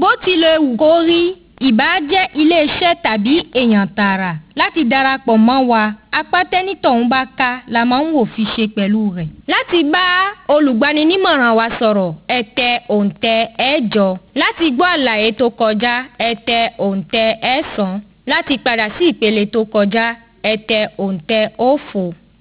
bó tilẹ̀ wù kó rí ìbá jẹ́ iléeṣẹ́ tàbí èèyàn tààrà láti darapọ̀ mọ́ wa apá bá ká la máa ń wò fi ṣe pẹ̀lú rẹ̀. láti bá olùgbaninímọ̀ràn wa sọ̀rọ̀ ẹ tẹ òǹtẹ̀ ẹ̀jọ láti gbọ́ àlàyé tó kọjá ẹ tẹ òǹtẹ̀ ẹ̀sán láti padà sí ìpele tó kọjá ẹ tẹ òǹtẹ̀ òfo.